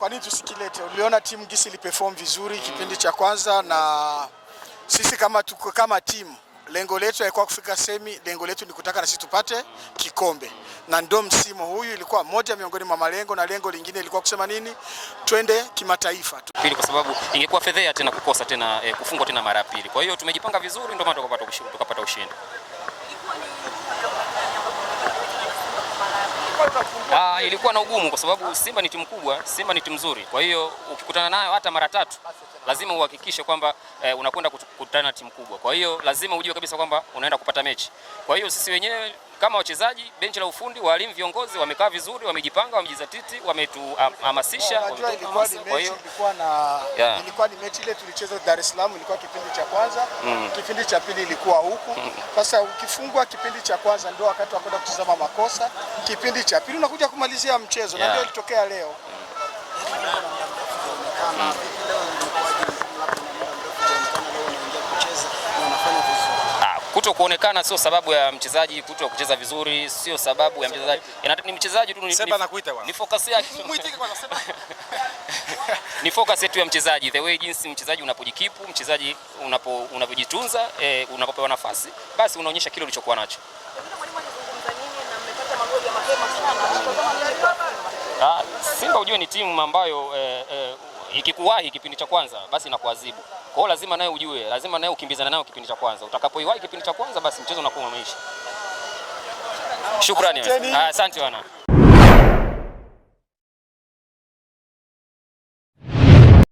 Kwa nini tusikilete? Uliona timu gisi iliperform vizuri kipindi cha kwanza, na sisi kama tuko kama timu, lengo letu haikuwa kufika semi, lengo letu ni kutaka na sisi tupate kikombe, na ndio msimu huyu ilikuwa moja miongoni mwa malengo, na lengo lingine ilikuwa kusema nini, twende kimataifa. Pili, kwa sababu ingekuwa fedhea tena kukosa tena eh, kufungwa tena mara ya pili. Kwa hiyo tumejipanga vizuri, ndio maana tukapata ushindi. Ah, ilikuwa na ugumu kwa sababu Simba ni timu kubwa, Simba ni timu nzuri. Kwa hiyo ukikutana nayo hata mara tatu lazima uhakikishe kwamba eh, unakwenda kukutana na timu kubwa. Kwa hiyo lazima ujue kabisa kwamba unaenda kupata mechi. Kwa hiyo sisi wenyewe kama wachezaji, benchi la ufundi, walimu, viongozi wamekaa vizuri, wamejipanga, wamejizatiti, wametuhamasisha. Ilikuwa ni mechi ile tulicheza Dar es Salaam, ilikuwa kipindi cha kwanza mm. Kipindi cha pili ilikuwa huku mm. sasa mm. Ukifungwa kipindi cha kwanza ndio wakati wa kwenda kutazama makosa, kipindi cha pili unakuja kumalizia mchezo yeah. Na ndio ilitokea leo mm. kuto kuonekana sio sababu ya mchezaji kuto kucheza vizuri, sio sababu ya mchezaji, ni mchezaji tu, ni focus yake, ni focus yetu ya mchezaji, the way jinsi mchezaji unapojikipu, mchezaji unavyojitunza eh, unapopewa nafasi, basi unaonyesha kile ulichokuwa nacho. Ah, Simba ujue ni timu ambayo eh, eh, ikikuwahi kipindi cha kwanza basi inakuadhibu. Kwa hiyo lazima naye ujue, lazima naye ukimbizana nayo kipindi cha kwanza. Utakapoiwahi kipindi cha kwanza, basi mchezo unakuwa umeisha. Shukrani, asante wana